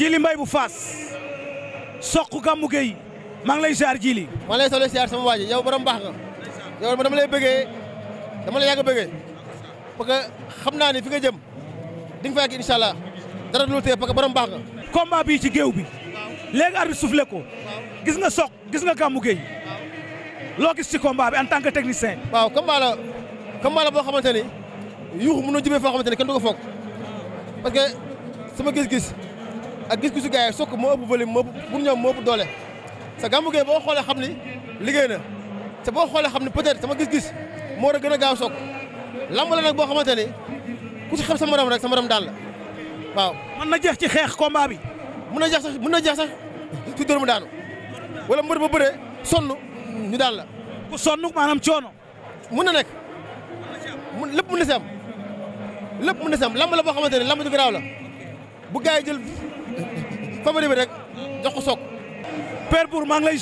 Jili Mbay bu fas soq gàmmu Gueye maa ngi lay ziar Jili. maa lay soxla ziar sama waa yaw yow borom baax nga yow dama lay bëggee dama la yàgg a bëggee xam naa ni fi nga jëm di nga fa yàgg incha allah dara du lu tee parce que borom baax ci géew bi léegi arbitre soufflé ko gis nga soq gis nga gàmmu Gueye loo gis ci combat bi en tant que technicien. waaw combat la combat boo xamante ni yuuxu mënul jubee foo xamante ni kenn du sama gis-gis. ak gis-gisu gars yi Sokh moo ëpp volume moo pour ñoom moo ëpp doole sa Gamou Gueye boo xoolee xam ni liggéey na te boo xoolee xam ni peut-être sama gis-gis moo war gën a gaaw Sokh lamb la nag boo xamante ni ku ci xam sa morom rek sama morom daal la waaw. mën na jeex ci xeex combat bi. mu na jeex sax mën na jeex sax ci dóor mu daanu wala mbër ba bëree sonn ñu daal la. ku sonn maanaam coono. mën na nekk mun mën na si am lépp mën na si am lamb la boo xamante ni lamb ju garaaw la bu gars yi jël. favori bi rek jox ko soog. Père Bour maa ngi lay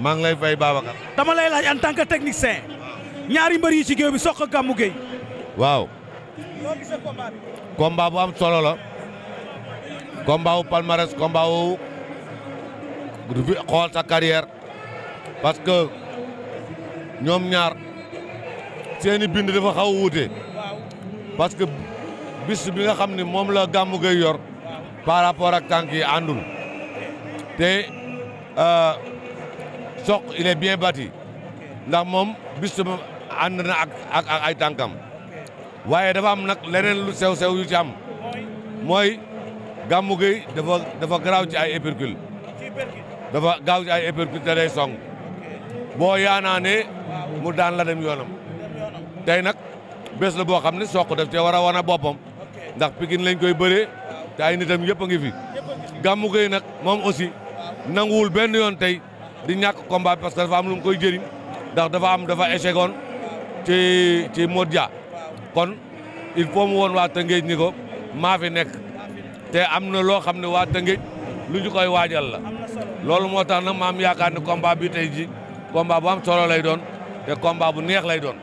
maa ngi lay fay Babacar. dama lay laaj en tant que technicien ñaari mbër yi ci géew bi Sokh ak Gamou Gueye. waaw. noo gisee combat bi. combat bu am solo la. combat wu palmarès combat xool sa carrière parce que ñoom ñaar seeni bind dafa xaw que bis bi nga xam ne moom la Gamou Gueye yor. par rapport ak tànk yi àndul te euh, Sokh il est bien bâti ndax moom bis moom na ak ak ak ay tànkam waaye dafa am nag leneen lu sew sew yu ci mooy gàmmu gi dafa dafa garaaw ci ay épercule dafa gaaw ci ay épercule te day song boo yaanaane mu daan la dem yoonam tey nag bes la boo xam ne Sokh daf cee war a boppam ndax Pikine lañ koy bëree te ay nitam yëpp a ngi fi. Gamou Gueye nag moom aussi nanguwul benn yoon tey di ñàkk combat parce dafa am lu koy jëriñ ndax dafa am dafa échec ci ci Modja kon il faut mu woon waa Tëngéej ni ko maa fi nekk te am na loo xam ne waa Tëngéej lu ñu koy waajal la loolu moo tax nag maam yaakaar ne combat bi tey ji combat bu am solo lay doon te combat bu neex lay doon.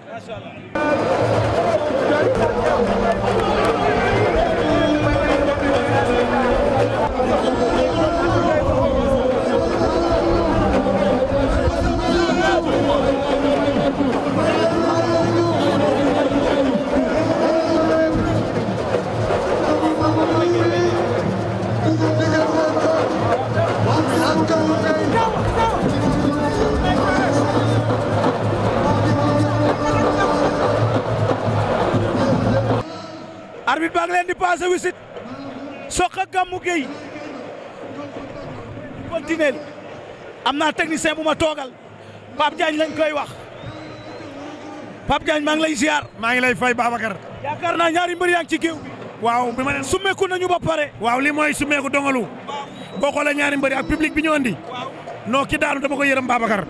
ngi leen di passé wisit Sokh ak Gamou Gueye continuer am naa technicien bu ma toogal Pape Diagne lañ koy wax Pape maa ngi lay ziar. maa ngi lay fay Babacar. yaakaar naa ci géew bi. waaw bi ma leen summeeku nañu ba pare. waaw li mooy summeeku dongalu. boo xoolee ñaari mbër ak public bi ñu andi. waaw non ki daanu dama ko yërëm Babacar.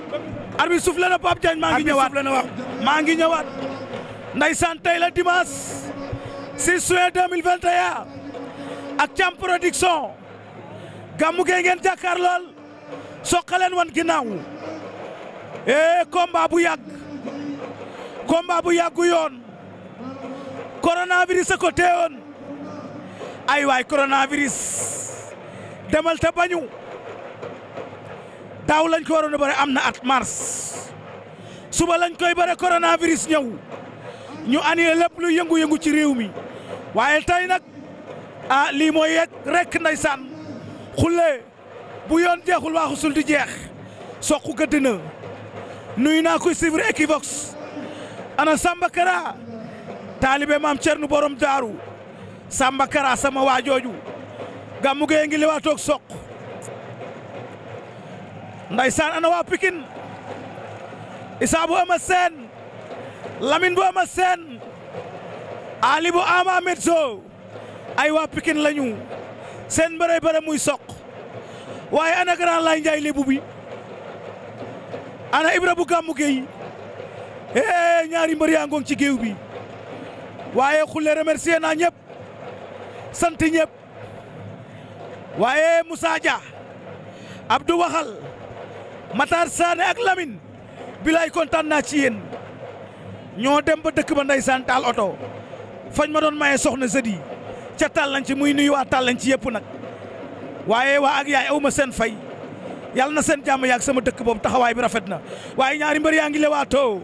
arbitre soufflé na maa ngi ñëwaat arbitre soufflé na la dimanche. 6 juin 2021 ak Thiam production gàmmu gee ngeen jàkkaar lool soqaleen wan ginnaaw ee eh, combat bu yàgg combat bu yàggu yoon coronavirus a ko teewoon ay waay coronavirus demal te bañu daaw lañ ko waroon a bëre am na at mars suba lañ koy bëre coronavirus ñëw ñu annulé lépp lu yëngu-yëngu ci réew mi waaye tay nag a ah, lii mooy yegg rek ndeysaan xulle bu yoon jeexul waaxusul di jeex soq gëdd na nuyu naa koy suivre Equivox ana Samba Kara taalibe maam Cernu borom daaru Samba Kara sama waajooju gàmmu gee ngi liwaatoog soq ndeysaan ana waa Pikine isaabu ama seen Lamine bu ama seen Ali bu ama Metso ay waa Pikine lañu seen bëre bëre muy soq waaye ana Grand Laye Ndiaye lébu bi ana Ibra bu gàmmu géey hee ñaari mbër yaa ngoon ci géew bi waaye xulle remercier naa ñëpp sant ñëpp waaye Moussa Dia Abdou Waxal Matar Sané ak lamin bilaay kontaan naa ci yéen ñoo dem ba dëkk ba ndeysaan taal oto fañ ma doon maye soxna sëdi ca tàllañ ci muy nuyu waa tàllañ ci yëpp nag waaye waa ak yaay aw ma seen fay yàlla na seen jàmm yaag sama dëkk boobu taxawaay bi rafet na waaye ñaari mbër yaa ngi lewaatoo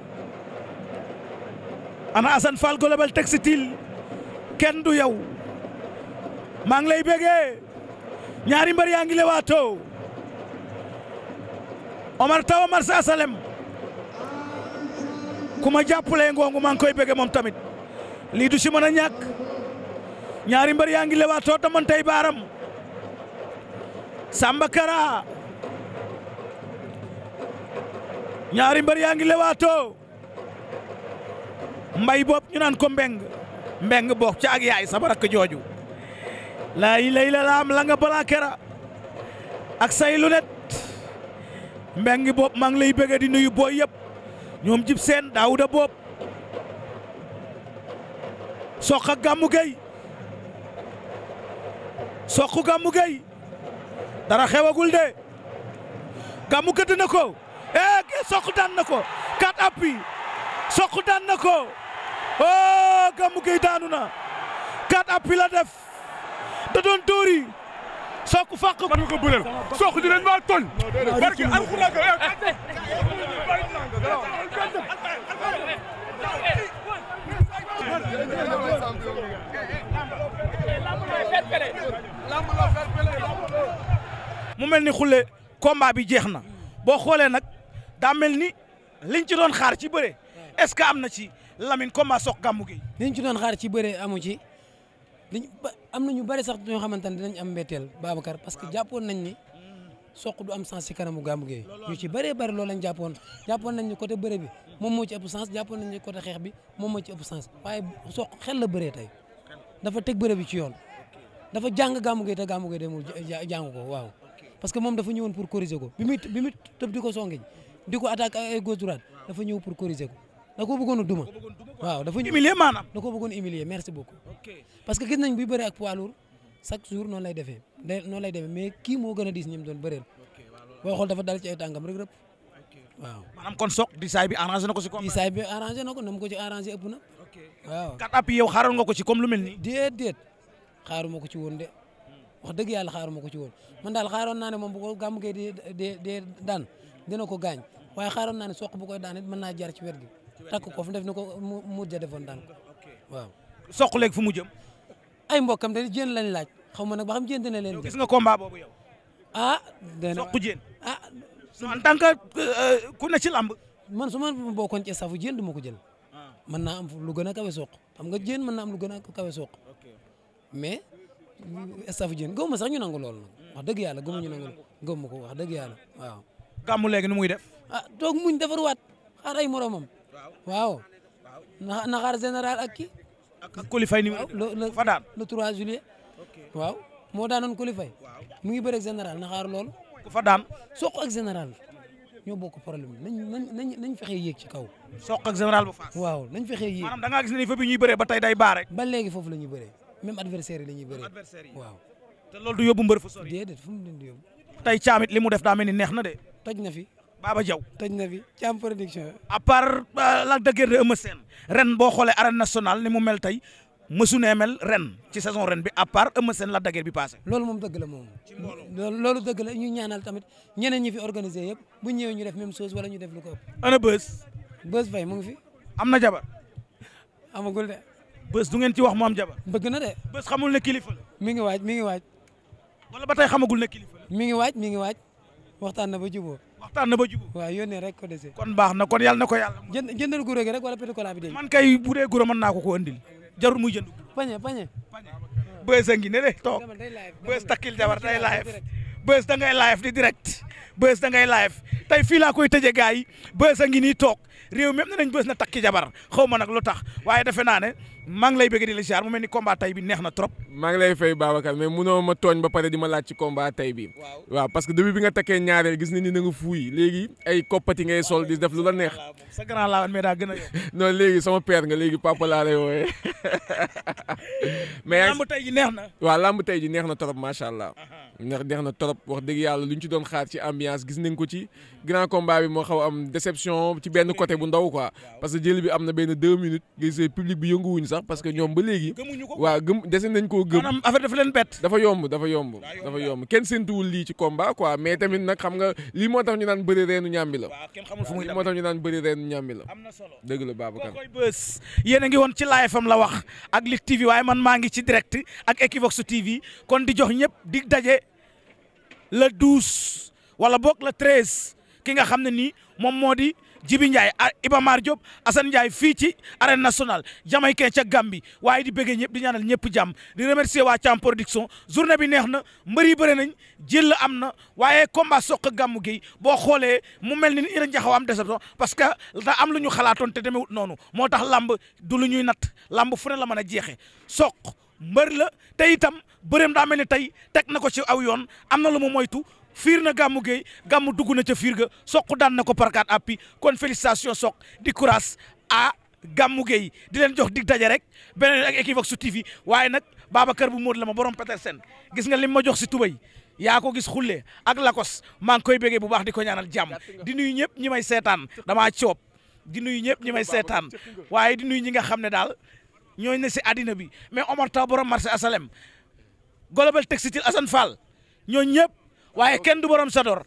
ana Assane teg si Textile kenn du yow maa ngi lay bégee ñaari mbër yaa ngi lewaatoo Omar Taw Omar sa asalem ku ma jàppalee ngoongu maa ngi koy bëgge moom tamit lii ci si mën a ñàkk ñaari mbër yaa ngi lewaatoo man tey baaram Samba Kara ñaari mbër yaa ngi lewaatoo mbay bopp ñu naan ko mbeng mbeng bokk ca ak yaay sama rakk jooju laayi lay la laam la balaa kera ak say lunet mbeng bopp maa ngi lay bëgge di nuyu booy yëpp ñoom jib seen daawuda boob soq ak gàmmu gay soq gàmmu gay dara xewagul de gàmmu gëdd ko ee eh, soq daan na ko kat appi soq daan na ko oo oh, gàmmu gay daanu na kat appi la def da doon dóori soq fàq ko. ko bëreel soq dinañ toñ mu mel ni xule combat bi jeex na boo xoolee nag daa mel ni liñ ci doon xaar ci bëre est-ce que am na ci Lamine combat sox gàmmu gi. liñ ci doon xaar ci bëre amu ci liñ am na ñu bëri sax ñoo xamante ne dinañ am mbetteel Babacar parce que jàppoon nañ ni. soq du am sens si kanamu Gamou Gueye ñu ci bëree bëri loolu lañ jàppoon nañ ni côté bi moom moo ci ëpp sens nañ ni xeex bi moom moo ci ëpp waaye soq xel la bëree tey dafa teg bëre bi ci yoon dafa jàng Gamou Gueye te Gamou Gueye demul jàng ko waaw parce que moom dafa ñëwoon pour corriger ko bi muy bi muy tëb di ko songeñ di ko attaque ay gauche dafa ñëw pour corriger ko da koo bëggoon a duma waaw dafa humilier maanaam da koo bëggoon humilier merci beaucoup parce que gis nañ buy chaque jour noonu lay defee day noonu lay defee mais kii moo gën a diis ñi mu doon bëreel boo xool dafa dal ci ay tànkam rek rëpp waaw. maanaam kon soog diisaay bi arrangé na ko si. combat diisaay bi arrangé na ko na mu ko ci na waaw. yow xaaroon nga ko ci comme lu mel nii. déedéet xaaruma ko ci woon de wax dëgg yàlla xaaruma ko ci woon man daal xaaroon naa ne moom bu ko gàmm kay di di di daan dina ko gaañ waaye xaaroon naa ne soq bu koy daan it mën naa jaar ci wet gi takk ko fu def ni ko mu mujj a defoon daan ko waaw. soq fu mu jëm. ay mbokkam dañu jën lañ laaj xaw ma nag ba xam jën dina leen. gis nga combat boobu yow. ah. dana soq jën ah. en tant que euh, ku ne ci lamb. man su ma bokkoon ci safu jën du ma ko jël. Ah. mën naa am lu gën a kawe soq xam nga jën mën naa am lu gën a kawe soq. mais safu jën gëw ma sax ñu nangu loolu wax dëgg yàlla gëw ma ñu nangu gëw ma ko wax dëgg yàlla waaw. gàmmu léegi nu muy def. ah toog muñ defar waat xaar ay moromam. waaw na xaar général ak kii. ak Kolifay numéro deux fa le 3 juillet. waaw moo daan daanoon Kolifay. waaw mu ngi bëre ak général na xaar loolu. fa daan soq ak général ñoo bokk problème nañ nañ nañ fexe yéeg ci kaw. soq ak général bu Fass. waaw nañ fexe yéeg maanaam da ngaa gis bëree ba tey day baa rek. ba léegi foofu la ñuy bëree même adversaire yi la ñuy bëree waaw. te loolu du yóbbu mbër fu sori. déedéet fu mu tey caamit li mu def daa mel ni neex na de. toj na fi. Baba jaw tëj na fi ci am production. à part euh, Lac de Guiers de Eumeu Sène ren boo xoolee aren nationale ni mu mel tey mësu nee mel ren ci saison ren bi à par Eumeu Sène Lac de Guiers bi passé. loolu moom dëgg la moom. loolu dëgg la ñu ñaanal tamit ñeneen ñi fi organisé yëpp bu ñëwee ñu def même chose wala ñu def lu ko ëpp. ana bës. bës fay mu ngi fi. am na jabar. amagul de. bës du ngeen ci wax mu am jabar. bëgg na de. bës xamul ne kilifa la. mi ngi waaj mi ngi waaj. wala ba tey xamagul ne mi ngi waaj mi ngi waaj waxtaan na ba jubóo. waxtaan na ba jubóo. waaw yónnee rek ko dese. kon baax na kon yàlla na ko yàlla. jënd jëndal guro gi rek wala petit cola bi de. man kay bu dee guro mën naa ko koo andil jarul muy jënd. pañe pañe. bës a ngi ne de toog bës takkil jabar day live bës da ngay live di direct bës da ngay live tey fii laa koy tëjee gars yi bës a ngi nii toog réew mi am na nañ bës na takki jabar xaw ma nag lu tax waaye defe naa ne maa lay bëgg di la ziar mu mel ni komba tay bi neex na trop. maa ngi lay fay Babacar mais munoo ma tooñ ba pare di ma laaj ci combat tay bi waaw parce que début bi nga takkee ñaareel gis nañ ni na nga fuuy léegi ay koppati ngay sol di def lu la neex. sa grand laa mais daa gën a non léegi sama père nga léegi papa laa lay wooyee. tey ji neex na. waaw lamb tey ji neex na trop macha allah. Uh-huh. ndax deex na trop wax dëgg yàlla lu ñu ci doon xaar ci ambiance gis nañ ko ci grand combat bi moo xaw am déception ci benn côté bu ndaw quoi parce que jël bi am na benn deux minutes gis public bi yënguwuñ sax parce que ñoom ba léegi waaw gëm dese nañ koo gëm maanaam dafa leen bett dafa yomb dafa yomb dafa yomb kenn séntuwul lii ci combat quoi mais tamit nag xam nga lii moo tax ñu naan bëri reenu ñàmbi la dëgg la Babacar yéen a ngi woon ci live am la wax ak Lutte TV waaye man maa ngi ci direct ak jox ñëpp la douze wala boog la treize ki nga xam ne nii moom moo di Jibi Ndiaye ah, Iba Mar Diop Assane Ndiaye fii ci national jamay jamaïcain ca Gambie waaye di bëggee ñëpp di ñaanal ñëpp jàmm di remercier waa Thiam production journée bi neex na mbër yi bëri nañ jël am na waaye combat soq gàmmu gi boo xoolee mu mel ni ira njaxaw am déception parce que da am lu ñu xalaatoon te demewut noonu moo tax lamb du lu ñuy natt lamb fu ne la mën a jeexee soq mbër la tey itam bëreem daa mel ni tey teg na ko ci aw yoon am na lu mu moytu fiir na gàmmu géey gàmmu dugg na ca fiir ga soq daan na ko parkaat appi kon félicitation soq di courage à gàmmu geey di leen jox dig daje rek beneen ak Equivox su TV waaye nag baaba kër bu Modou la ma borom Petersen gis nga lim ma jox si tubay yaa ko gis xulle ak lakos maa ngi koy bégee bu baax di ko ñaanal jàmm di nuyu ñëpp ñi may seetaan damaa coob di nuyu ñëpp ñi may seetaan waaye di nuyu ñi nga xam ne daal ñooñu na si àddina bi mais Omar Taw borom marché asalem Global Textile Assane Fall ñooñu ñëpp waaye kenn du borom Sador